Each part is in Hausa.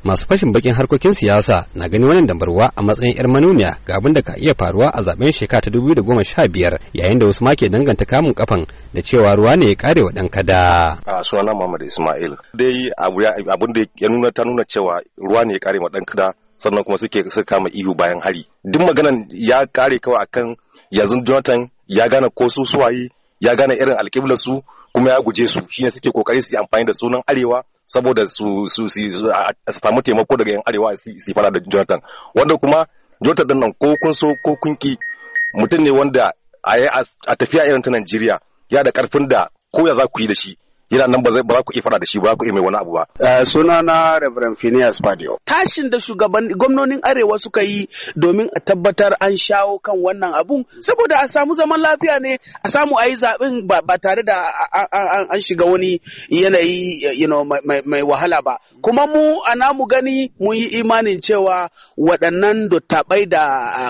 masu fashin bakin harkokin siyasa na gani wannan dambarwa a matsayin yar manuniya ga abin da ka iya faruwa a zaben shekara ta dubu da goma sha biyar yayin da wasu ma ke danganta kamun kafan da cewa ruwa ne ya kare wa dan kada. a sunana muhammad ismail dai abin da ya nuna ta nuna cewa ruwa ne ya kare wa dan kada sannan kuma suke suka kama ihu bayan hari duk maganan ya kare kawai akan yanzu jonathan ya gane ko su suwaye ya gane irin alƙiblar su kuma ya guje su shi ne suke kokari su yi amfani da sunan arewa saboda su su samu taimako daga yan arewa su fara da jonathan wanda kuma jonathan din nan ko kun so ko kun ki mutum ne wanda a tafiya irin ta najeriya ya da karfin da ko ya za ku yi da shi yana nan ba za ku iya fara da shi ba ku iya mai wani abu ba. Eh, suna na Reverend Phineas Padio. Tashin da shugaban gwamnonin Arewa suka yi domin a tabbatar an shawo kan wannan abun saboda a samu zaman lafiya ne a samu a yi zaɓen ba tare da an shiga wani yanayi mai wahala ba. Kuma mu a namu gani mun yi imanin cewa waɗannan dottabai da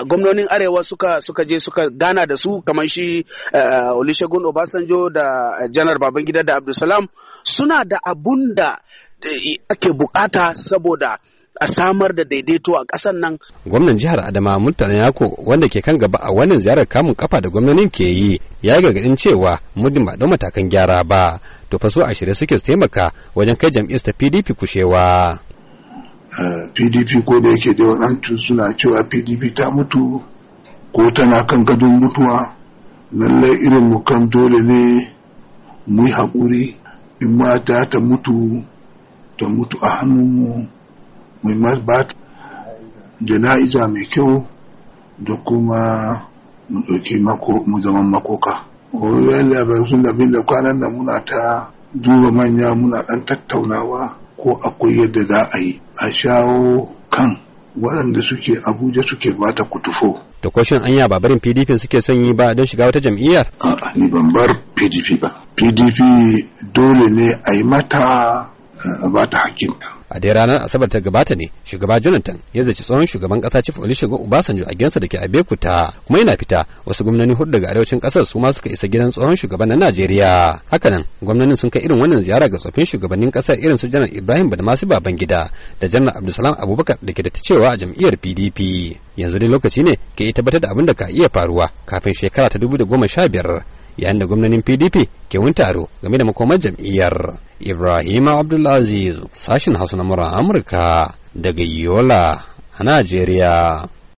gwamnonin Arewa suka suka je suka gana da su kamar shi eh, Olusegun Obasanjo da eh, Janar Babangida da Abdulsalam salam suna da abun da eh, ake bukata saboda a samar da daidaito a ƙasar nan. Gwamnan jihar Adama Murtala Yako wanda ke kan gaba a wannan ziyarar kamun kafa da gwamnanin ke yi ya yi gargaɗin cewa muddin ba ɗau matakan gyara ba to faso a shirye suke su taimaka wajen kai jam'iyyar ta PDP kushewa. PDP eh, ko da yake da waɗancu suna cewa PDP ta mutu ko tana kan gadon mutuwa lallai irin mu kan dole ne mu yi haƙuri in mata ta mutu ta mutu a hannunmu mu yi ba ta jana'iza mai kyau da kuma mu ɗauki mu zama makoka. labarai sun labin da kwanan da muna ta duba manya muna ɗan tattaunawa ko akwai yadda za a yi a shawo kan waɗanda suke abuja suke bata kutufo. Da kwashin anya babarin PDP suke sanyi ba don shiga wata jam'iyyar? A'a ni ban bar PDP ba. pdp dole ne a yi mata eh, ba ta hakinta a dai ranar asabar ta gabata ne shugaba jonathan ya zaci tsohon shugaban ƙasa kasa chief olusegun obasanjo a gidansa da ke abekuta kuma yana fita wasu gwamnoni hudu daga arewacin kasar su ma suka isa gidan tsohon shugaban na najeriya hakanan gwamnonin sun kai irin wannan ziyara ga tsofin shugabannin kasar irin su janar ibrahim badmasi gida da janar abdulsalam abubakar da ke da ta cewa a jam'iyyar pdp yanzu dai lokaci ne ke tabbatar da abin da ka iya faruwa kafin shekara ta dubu da goma sha biyar yayin da gwamnanin pdp ke wani taro game da makomar jam'iyyar ibrahim abdulaziz sashin hausa na amurka daga yola a najeriya